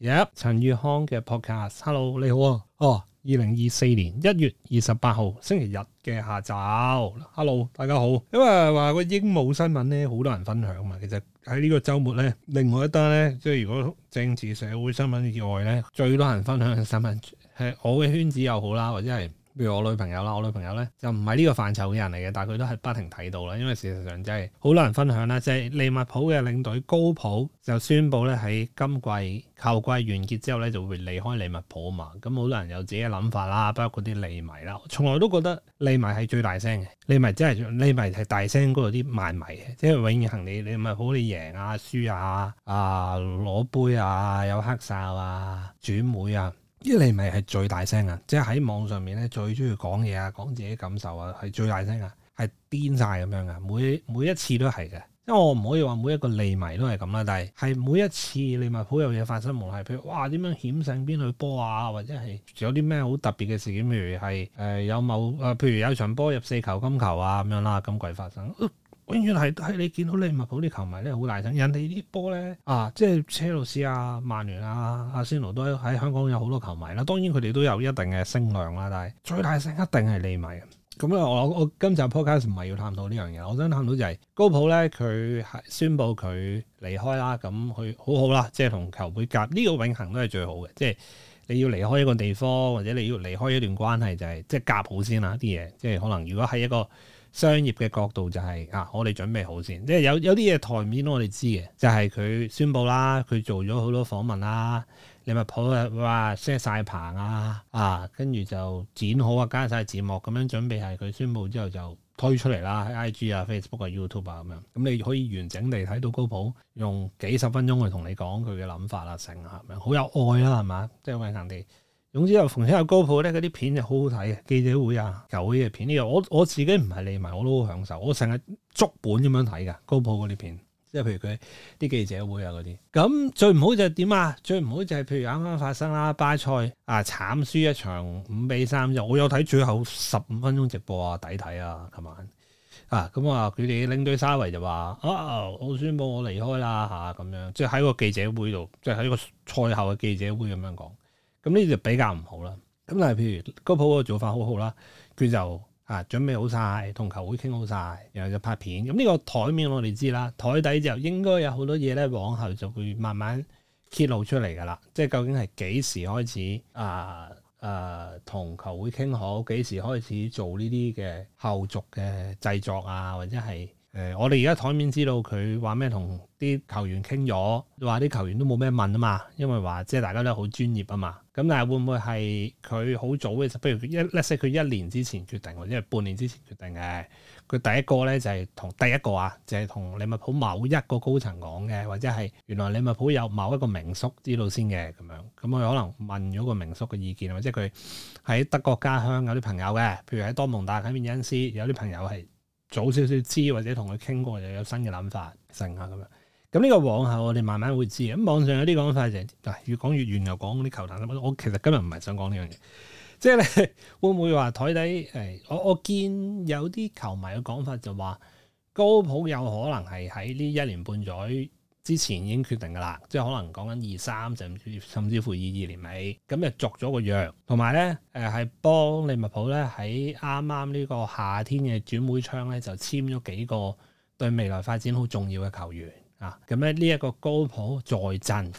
耶！陳宇、yep, 康嘅 podcast，hello 你好啊，哦、oh,，二零二四年一月二十八號星期日嘅下晝，hello 大家好，因為話個鸚鵡新聞咧，好多人分享嘛，其實喺呢個周末咧，另外一單咧，即係如果政治社會新聞以外咧，最多人分享嘅新聞係我嘅圈子又好啦，或者係，譬如我女朋友啦，我女朋友咧就唔係呢個範疇嘅人嚟嘅，但係佢都係不停睇到啦，因為事實上真係好多人分享啦，即係利物浦嘅領隊高普就宣布咧喺今季球季完結之後咧就會離開利物浦啊嘛，咁好多人有自己嘅諗法啦，包括啲利迷啦，從來都覺得利迷係最大聲嘅，利迷真係利迷係大聲嗰度啲漫迷，嘅，即係永遠行你利物浦你贏啊、輸啊、啊攞杯啊、有黑哨啊、轉會啊。呢個利迷係最大聲啊，即係喺網上面咧最中意講嘢啊，講自己感受啊，係最大聲啊，係癲晒咁樣噶，每每一次都係嘅。因為我唔可以話每一個利迷都係咁啦，但係係每一次利物浦有嘢發生，無論係譬如哇點樣險勝邊去波啊，或者係有啲咩好特別嘅事件，譬如係誒、呃、有某誒，譬如有場波入四球金球啊咁樣啦，咁鬼發生。呃永遠係係你見到利物浦啲球迷咧好大聲，人哋啲波咧啊，即係車路士啊、曼聯啊、阿仙奴都喺香港有好多球迷啦。當然佢哋都有一定嘅聲量啦，但係最大聲一定係利迷。咁咧，我我今集 podcast 唔係要探討呢樣嘢。我想探討就係高普咧佢宣布佢離開啦。咁佢好好啦，即係同球會夾呢個永恆都係最好嘅。即係你要離開一個地方或者你要離開一段關係，就係即係夾好先啦啲嘢。即係可能如果喺一個商業嘅角度就係、是、啊，我哋準備好先，即係有有啲嘢台面我哋知嘅，就係、是、佢宣佈啦，佢做咗好多訪問啦，你咪普啊哇 set 曬棚啊啊，跟、啊、住就剪好啊，加晒字幕咁樣準備係佢宣佈之後就推出嚟啦，IG 啊 Facebook 啊 YouTube 啊咁樣，咁、嗯、你可以完整地睇到高普用幾十分鐘去同你講佢嘅諗法啦、啊，成啊，好有愛啦、啊，係嘛，即係為佢哋。總之又逢起有高普咧，啲片就好好睇嘅。記者會啊、球會嘅片呢個，我我自己唔係利迷，我都好享受，我成日足本咁樣睇㗎高普嗰啲片，即係譬如佢啲記者會啊嗰啲。咁最唔好就點啊？最唔好就係譬如啱啱發生啦，巴塞啊慘輸一場五比三就，我有睇最後十五分鐘直播啊，抵睇啊，琴晚啊咁啊，佢哋領隊沙維就話啊，我宣布我離開啦吓，咁、啊、樣即係喺個記者會度，即係喺個賽後嘅記者會咁樣講。咁呢就比較唔好啦。咁但係，譬如高普個做法好好啦，佢就啊準備好晒，同球會傾好晒，然後就拍片。咁、這、呢個台面我哋知啦，台底就應該有好多嘢咧，往後就會慢慢揭露出嚟噶啦。即係究竟係幾時開始啊？誒、呃，同、呃、球會傾好幾時開始做呢啲嘅後續嘅製作啊，或者係。誒、呃，我哋而家台面知道佢話咩，同啲球員傾咗，話啲球員都冇咩問啊嘛，因為話即係大家都好專業啊嘛。咁但係會唔會係佢好早嘅時候，不如一，例如佢一年之前決定，或者係半年之前決定嘅？佢第一個咧就係、是、同第一個啊，就係同利物浦某一個高層講嘅，或者係原來利物浦有某一個名宿知道先嘅咁樣。咁佢可能問咗個名宿嘅意見，或者佢喺德國家鄉有啲朋友嘅，譬如喺多蒙達、喺面恩斯有啲朋友係。早少少知或者同佢傾過又有，有新嘅諗法剩下咁樣，咁、嗯、呢、呢個往後我哋慢慢會知。咁網上有啲講法就嗱、係哎、越講越遠，又講啲球壇。我其實今日唔係想講呢樣嘢，即、就、係、係、會唔會話台底誒、哎？我我見有啲球迷嘅講法就話高普有可能係喺呢一年半載。之前已經決定㗎啦，即係可能講緊二三，甚至甚至乎二二年尾，咁就續咗個約，同埋咧誒係幫利物浦咧喺啱啱呢個夏天嘅轉會窗咧就簽咗幾個對未來發展好重要嘅球員啊！咁咧呢一個高普在陣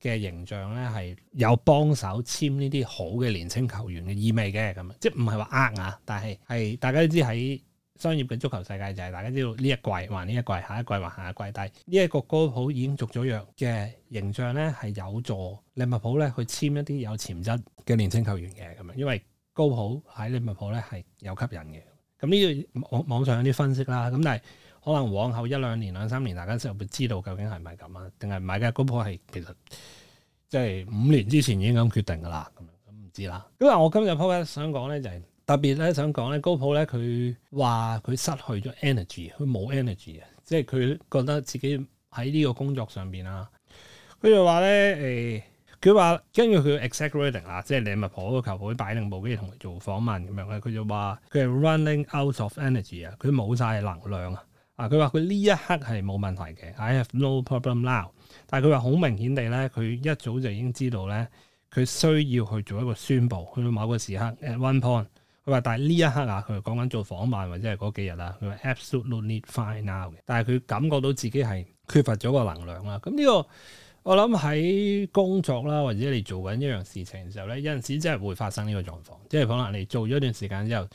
嘅形象咧係有幫手簽呢啲好嘅年輕球員嘅意味嘅，咁啊即係唔係話呃呀，但係係大家都知喺。商業嘅足球世界就係大家知道呢一季還呢一季，下一季還下一季，但係呢一個高普已經續咗約嘅形象咧，係有助利物浦咧去簽一啲有潛質嘅年青球員嘅咁樣，因為高普喺利物浦咧係有吸引嘅。咁呢啲網上有啲分析啦，咁但係可能往後一兩年、兩三年，大家就會知道究竟係咪咁啊？定係唔係嘅？高普係其實即係五年之前已經咁決定噶啦？咁樣，咁唔知啦。咁啊，我今日 topic 想講咧就係、是。特別咧想講咧，高普咧佢話佢失去咗 energy，佢冇 energy 啊！即係佢覺得自己喺呢個工作上邊啊，佢就話咧誒，佢話跟住佢 exaggerating 啊，ex ating, 即係你咪抱個球盤擺定部機同佢做訪問咁樣咧。佢就話佢係 running out of energy 啊，佢冇晒能量啊！啊，佢話佢呢一刻係冇問題嘅，I have no problem now。但係佢話好明顯地咧，佢一早就已經知道咧，佢需要去做一個宣佈，去到某個時刻 at one point。佢話：但係呢一刻啊，佢講緊做訪問或者係嗰幾日啊，佢話 absolutely fine now 嘅。但係佢感覺到自己係缺乏咗個能量啦、啊。咁、嗯、呢、這個我諗喺工作啦，或者你做緊一樣事情嘅時候咧，有陣時真係會發生呢個狀況。即係可能你做咗一段時間之後，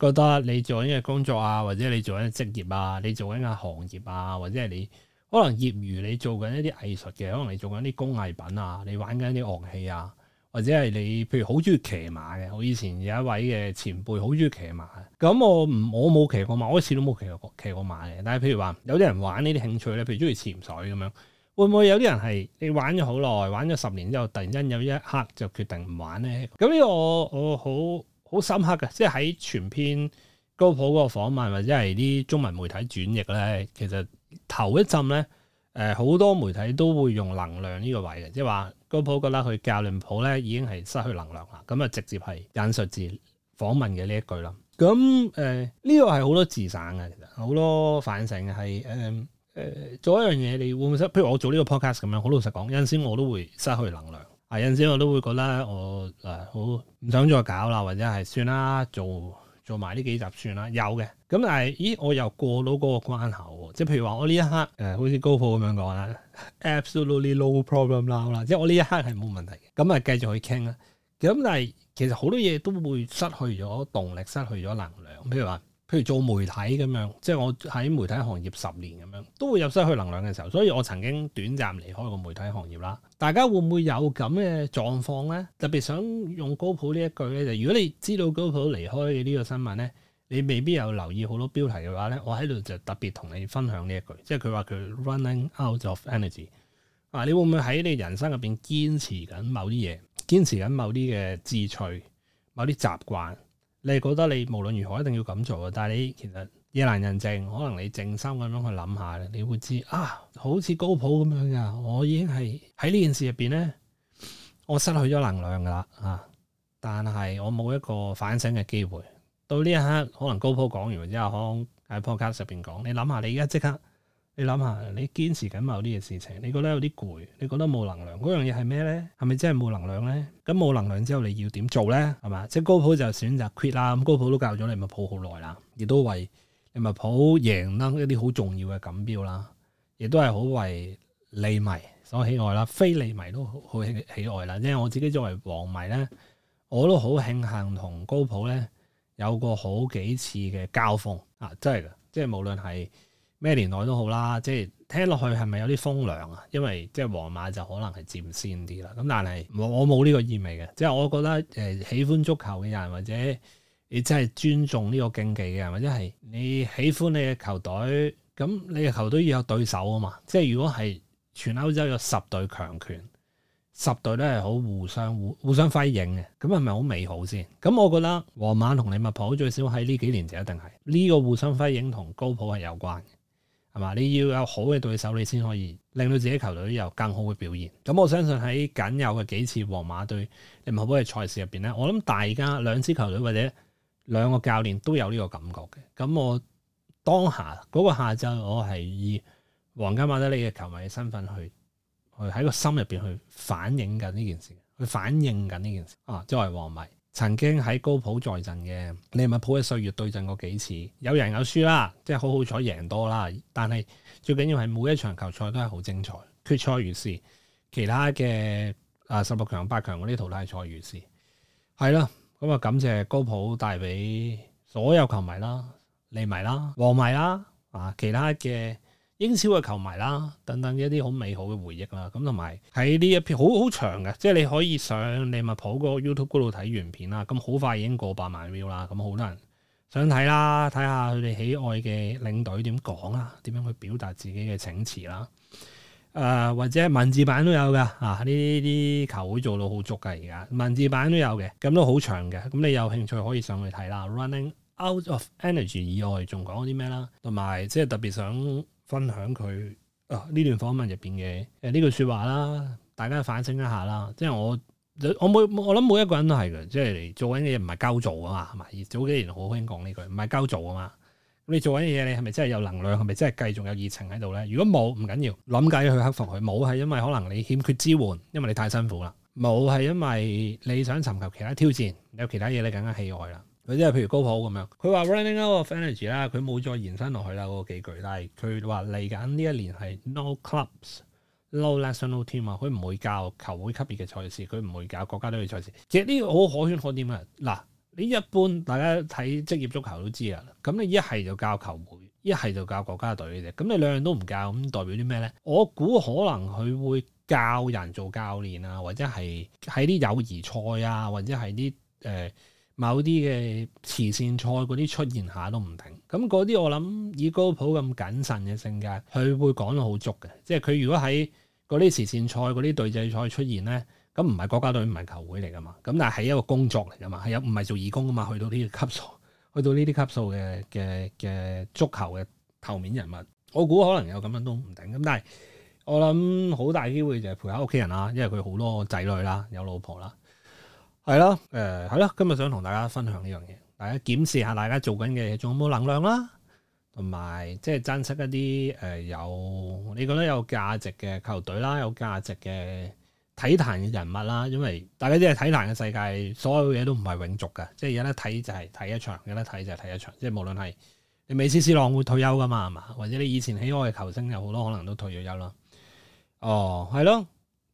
覺得你做緊嘅工作啊，或者你做緊嘅職業啊，你做緊嘅行業啊，或者係你可能業餘你做緊一啲藝術嘅，可能你做緊啲工藝品啊，你玩緊啲樂器啊。或者係你，譬如好中意騎馬嘅，我以前有一位嘅前輩好中意騎馬。咁我唔，我冇騎過馬，我一次都冇騎過騎過馬嘅。但係譬如話，有啲人玩呢啲興趣咧，譬如中意潛水咁樣，會唔會有啲人係你玩咗好耐，玩咗十年之後，突然間有一刻就決定唔玩咧？咁呢個我我好好深刻嘅，即係喺全篇高普嗰個訪問，或者係啲中文媒體轉譯咧，其實頭一陣咧，誒、呃、好多媒體都會用能量呢個位嘅，即係話。高普覺得佢教練普咧已經係失去能量啦，咁啊，直接係引述自訪問嘅呢一句啦。咁誒呢個係好多自省嘅，其實好多反省係誒誒做一樣嘢，你會唔會失？譬如我做呢個 podcast 咁樣，好老實講，有陣時我都會失去能量，啊有陣時我都會覺得我誒好唔想再搞啦，或者係算啦做。做埋呢幾集算啦，有嘅。咁但係，咦，我又過到嗰個關口喎。即係譬如話，我呢一刻誒，好似高普咁樣講啦，Absolutely no problem now 啦。即係我呢一刻係冇問題嘅。咁啊，繼續去傾啦。咁但係，其實好多嘢都會失去咗動力，失去咗能量。譬如話。譬如做媒體咁樣，即係我喺媒體行業十年咁樣，都會有失去能量嘅時候，所以我曾經短暫離開個媒體行業啦。大家會唔會有咁嘅狀況咧？特別想用高普呢一句咧，就如果你知道高普離開嘅呢個新聞咧，你未必有留意好多標題嘅話咧，我喺度就特別同你分享呢一句，即係佢話佢 running out of energy。嗱、啊，你會唔會喺你人生入邊堅持緊某啲嘢，堅持緊某啲嘅志趣，某啲習慣？你係覺得你無論如何一定要咁做嘅，但係你其實夜闌人靜，可能你靜心咁樣去諗下，你會知啊，好似高普咁樣嘅，我已經係喺呢件事入邊咧，我失去咗能量噶啦啊！但係我冇一個反省嘅機會。到呢一刻，可能高普講完之後，可能喺 podcast 入邊講，你諗下，你而家即刻。你諗下，你堅持緊某啲嘅事情，你覺得有啲攰，你覺得冇能量嗰樣嘢係咩咧？係咪真係冇能量咧？咁冇能量之後你要點做咧？係嘛？即係高普就選擇 quit 啦。咁高普都教咗利物浦好耐啦，亦都為利物浦贏得一啲好重要嘅錦標啦，亦都係好為利迷所喜愛啦，非利迷都好喜喜愛啦。因為我自己作為皇迷咧，我都好慶幸同高普咧有過好幾次嘅交鋒啊！真係嘅，即係無論係。咩年代都好啦，即係聽落去係咪有啲風涼啊？因為即係皇馬就可能係佔先啲啦。咁但係我冇呢個意味嘅，即係我覺得誒喜歡足球嘅人或者你真係尊重呢個競技嘅人，或者係你喜歡你嘅球隊，咁你嘅球隊要有對手啊嘛。即係如果係全歐洲有十隊強權，十隊都係好互相互互相輝映嘅，咁係咪好美好先？咁我覺得皇馬同利物浦最少喺呢幾年就一定係呢個互相輝映同高普係有關嘛，你要有好嘅對手，你先可以令到自己球隊有更好嘅表現。咁我相信喺僅有嘅幾次皇馬對利物浦嘅賽事入邊咧，我諗大家兩支球隊或者兩個教練都有呢個感覺嘅。咁我當下嗰、那個下晝，我係以皇家馬德里嘅球迷嘅身份去，去喺個心入邊去反映緊呢件事，去反映緊呢件事。啊，即係我係皇迷。曾經喺高普在陣嘅，利物浦嘅歲月對陣過幾次？有贏有輸啦，即係好好彩贏多啦。但係最緊要係每一場球賽都係好精彩。決賽如是，其他嘅啊十六強、八強嗰啲淘汰賽如是，係啦。咁啊，感謝高普帶俾所有球迷啦、利迷啦、旺迷啦啊，其他嘅。英超嘅球迷啦，等等一啲好美好嘅回憶啦，咁同埋喺呢一片好好長嘅，即係你可以上利物浦嗰個 YouTube 度睇完片啦。咁好快已經過百萬 view 啦，咁好多人想睇啦，睇下佢哋喜愛嘅領隊點講啦，點樣去表達自己嘅請辭啦。誒、呃、或者文字版都有嘅啊，呢啲球會做到好足嘅而家，文字版都有嘅，咁都好長嘅，咁你有興趣可以上去睇啦。Running out of energy 以外，仲講啲咩啦？同埋即係特別想，分享佢啊呢段訪問入邊嘅誒呢句説話啦，大家反省一下啦。即係我我每我諗每一個人都係嘅，即係你做緊嘅嘢唔係交做啊嘛，係咪？早幾年好興講呢句，唔係交做啊嘛。你做緊嘅嘢，你係咪真係有能量？係咪真係繼續有熱情喺度咧？如果冇，唔緊要，諗計去克服佢。冇係因為可能你欠缺支援，因為你太辛苦啦。冇係因為你想尋求其他挑戰，有其他嘢你更加喜愛啦。或者係譬如高普咁樣，佢話 running out of energy 啦，佢冇再延伸落去啦嗰個幾句，但係佢話嚟緊呢一年係 no clubs、no national team 啊，佢唔會教球會級別嘅賽事，佢唔會教國家隊嘅賽事。其實呢個好可圈可點啊！嗱，你一般大家睇職業足球都知啊，咁你一係就教球會，一係就教國家隊嘅啫。咁你兩樣都唔教，咁代表啲咩咧？我估可能佢會教人做教練啊，或者係喺啲友誼賽啊，或者係啲誒。呃某啲嘅慈善賽嗰啲出現下都唔定，咁嗰啲我諗以高普咁謹慎嘅性格，佢會講到好足嘅，即係佢如果喺嗰啲慈善賽、嗰啲對制賽出現咧，咁唔係國家隊，唔係球會嚟噶嘛，咁但係係一個工作嚟噶嘛，係有唔係做義工啊嘛，去到呢啲級數，去到呢啲級數嘅嘅嘅足球嘅頭面人物，我估可能有咁樣都唔定，咁但係我諗好大機會就係陪下屋企人啦，因為佢好多仔女啦，有老婆啦。係咯，誒，係咯，今日想同大家分享呢樣嘢，大家檢視下大家做緊嘅嘢仲有冇能量啦，同埋即係珍惜一啲誒、呃、有你覺得有價值嘅球隊啦，有價值嘅體壇嘅人物啦，因為大家即係體壇嘅世界，所有嘢都唔係永續噶，即係有得睇就係睇一場，有得睇就係睇一場，即係無論係你美斯、斯朗會退休噶嘛，係嘛，或者你以前喜愛嘅球星有好多可能都退咗休啦，哦，係咯。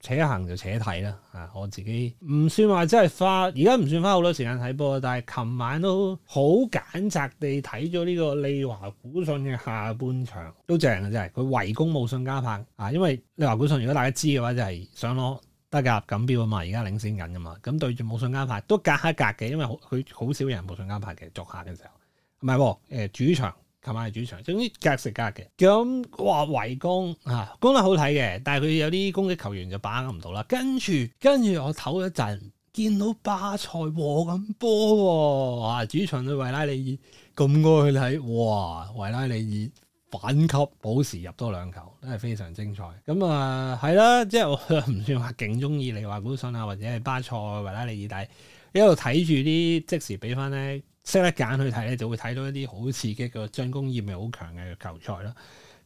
且行就且睇啦，啊！我自己唔算話真係花，而家唔算花好多時間睇波，但係琴晚都好揀擇地睇咗呢個利華古遜嘅下半場，都正嘅真係。佢圍攻慕遜加柏啊，因為利華古遜如果大家知嘅話，就係、是、想攞德甲錦標啊嘛，而家領先緊嘅嘛，咁對住慕遜加柏都隔一隔嘅，因為好佢好少有人慕遜加柏嘅，作客嘅時候唔係誒主場。今晚係主場，總之隔食夾嘅。咁話圍攻嚇、啊，攻得好睇嘅。但係佢有啲攻擊球員就把握唔到啦。跟住跟住，我唞一陣，見到巴塞和咁波喎，啊！主場對維拉利爾咁多佢睇，哇！維拉利爾反級保時入多兩球，真係非常精彩。咁啊，係啦，即係我唔算話勁中意你話古信啊，或者係巴塞、維拉利爾，底，一路睇住啲即時俾翻咧。識得揀去睇咧，你就會睇到一啲好刺激嘅進攻意味好強嘅球賽啦。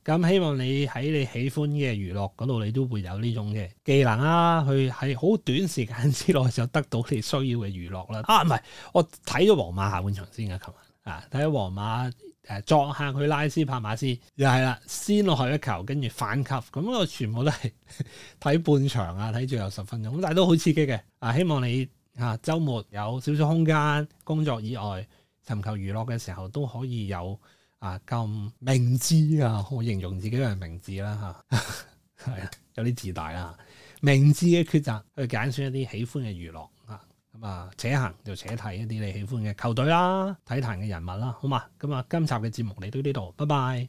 咁希望你喺你喜歡嘅娛樂嗰度，你都會有呢種嘅技能啊，去喺好短時間之內就得到你需要嘅娛樂啦。啊，唔係，我睇咗皇馬下半場先㗎琴日啊，睇咗皇馬誒，作客、啊、下去拉斯帕馬斯又係啦，先落去一球，跟住反吸，咁我全部都係睇半場啊，睇最後十分鐘，咁但係都好刺激嘅。啊，希望你。啊，周末有少少空間，工作以外尋求娛樂嘅時候都可以有啊，咁明智啊，我形容自己係明智啦，吓、啊、係 啊，有啲自大啦，明智嘅抉擇去揀選一啲喜歡嘅娛樂啊，咁啊，且行就且睇一啲你喜歡嘅球隊啦，體壇嘅人物啦，好嘛，咁啊，今集嘅節目嚟到呢度，拜拜。